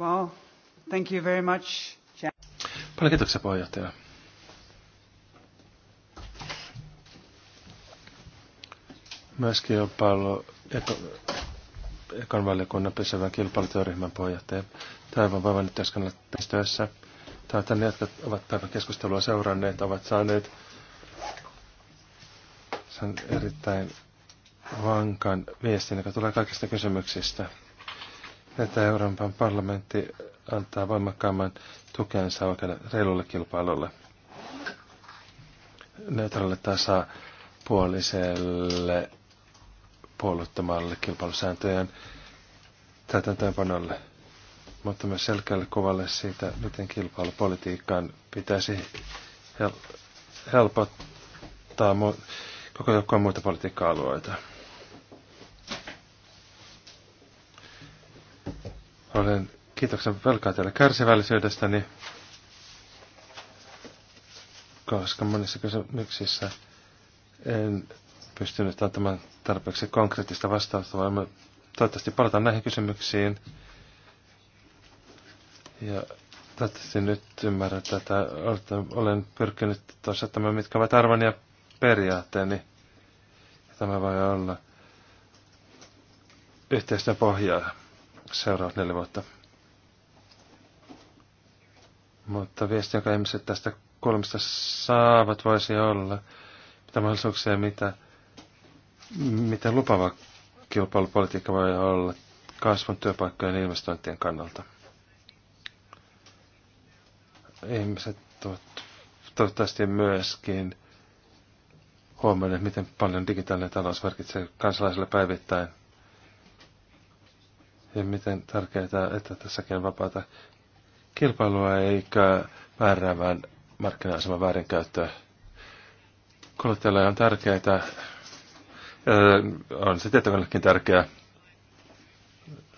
Well, thank you very much. Paljon kiitoksia puheenjohtaja. Myös kilpailu ekan valiokunnan pysyvän kilpailutyöryhmän puheenjohtaja. Toivon voivan nyt työssä. Täältä ne, jotka ovat päivän keskustelua seuranneet, ovat saaneet sen erittäin vankan viestin, joka tulee kaikista kysymyksistä että Euroopan parlamentti antaa voimakkaamman tukensa oikealle reilulle kilpailulle. Neutraalille tasapuoliselle puoluttomalle kilpailusääntöjen täytäntöönpanolle, mutta myös selkeälle kuvalle siitä, miten kilpailupolitiikkaan pitäisi helpottaa koko joukkoa muita politiikka-alueita. Olen kiitoksen velkaa teille kärsivällisyydestäni, koska monissa kysymyksissä en pystynyt antamaan tarpeeksi konkreettista vastausta, vaan me toivottavasti palataan näihin kysymyksiin. Ja toivottavasti nyt ymmärrän tätä. Olen pyrkinyt tuossa tämän, mitkä ovat arvon ja periaatteeni. Tämä voi olla yhteistä pohjaa seuraavat neljä vuotta. Mutta viesti, joka ihmiset tästä kolmesta saavat, voisi olla, mitä mahdollisuuksia, mitä, mitä lupava kilpailupolitiikka voi olla kasvun työpaikkojen investointien kannalta. Ihmiset ovat toivottavasti myöskin huomioineet, miten paljon digitaalinen talous merkitsee kansalaisille päivittäin ja miten tärkeää, että tässäkin on vapaata kilpailua eikä vääräävän markkina-aseman väärinkäyttöä. Kuluttajalle on tärkeää, on se tietokoneellekin tärkeää.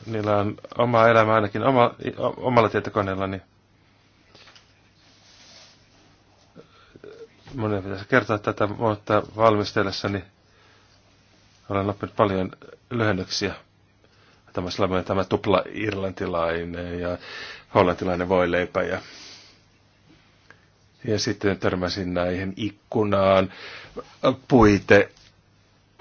Niillä on oma elämä ainakin oma, omalla tietokoneella, niin monen pitäisi kertoa tätä, mutta valmistellessani olen oppinut paljon lyhennyksiä tämä, tämä tupla irlantilainen ja hollantilainen voileipä. Ja, ja sitten törmäsin näihin ikkunaan, puite,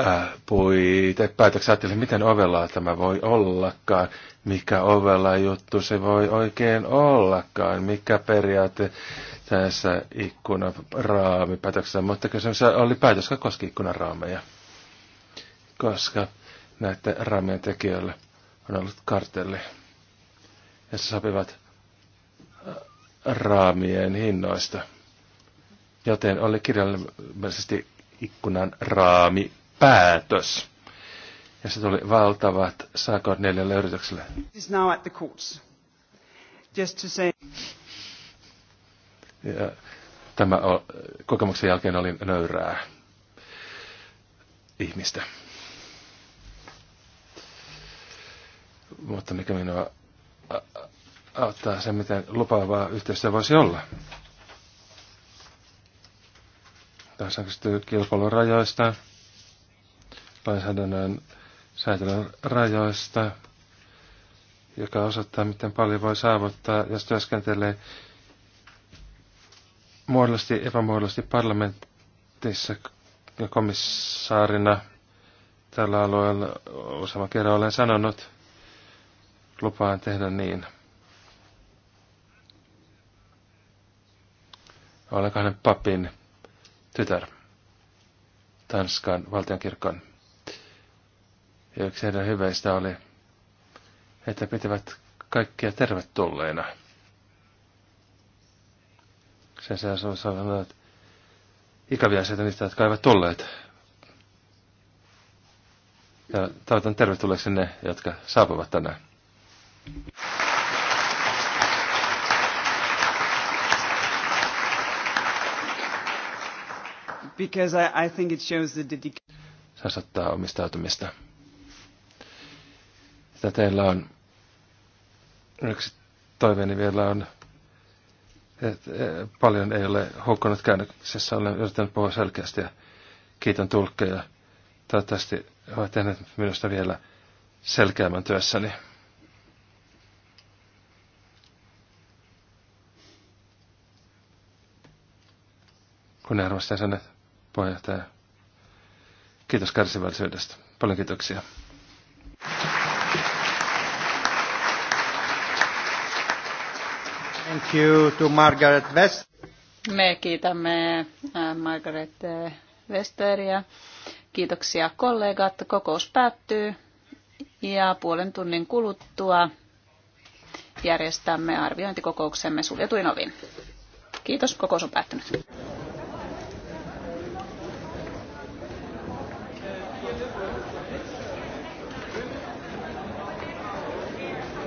äh, puite, päätöksä ajattelin, miten ovella tämä voi ollakaan, mikä ovella juttu se voi oikein ollakaan, mikä periaate tässä ikkunan raamipäätöksessä, mutta kysymys oli päätös, joka koski ikkunan raameja, koska näiden raamien tekijöille – on ollut Ja se sopivat äh, raamien hinnoista. Joten oli kirjallisesti ikkunan raami päätös. Ja se tuli valtavat sakot neljälle yritykselle. Ja tämä kokemuksen jälkeen oli nöyrää ihmistä. Mutta mikä minua auttaa se, miten lupaavaa yhteistyö voisi olla. Tässä on kysytty kilpailun rajoista, lainsäädännön säätelyn rajoista, joka osoittaa, miten paljon voi saavuttaa, jos työskentelee muodollisesti, epämuodollisesti parlamentissa ja komissaarina tällä alueella useamman kerran olen sanonut, Lupaan tehdä niin. Olen kahden papin tytär Tanskan valtionkirkon. Ja yksi heidän hyveistä oli, että pitivät kaikkia tervetulleina. Sen sijaan että ikäviä asioita niistä, jotka eivät tulleet. Ja toivotan tervetulleeksi ne, jotka saapuvat tänään. Because I, I think it shows the dedication. Se omistautumista. Sitä teillä on. Yksi toiveeni vielä on, että e, paljon ei ole hukkunut käännöksessä. Olen yrittänyt puhua selkeästi ja kiitän tulkkeja. Toivottavasti ovat tehnyt minusta vielä selkeämmän työssäni. Kunnianarvoiset jäsenet, puheenjohtaja. Kiitos kärsivällisyydestä. Paljon kiitoksia. Thank you to Margaret West. Me kiitämme äh, Margaret äh, Westeria. Kiitoksia kollegat. Kokous päättyy ja puolen tunnin kuluttua järjestämme arviointikokouksemme suljetuin ovin. Kiitos, kokous on päättynyt.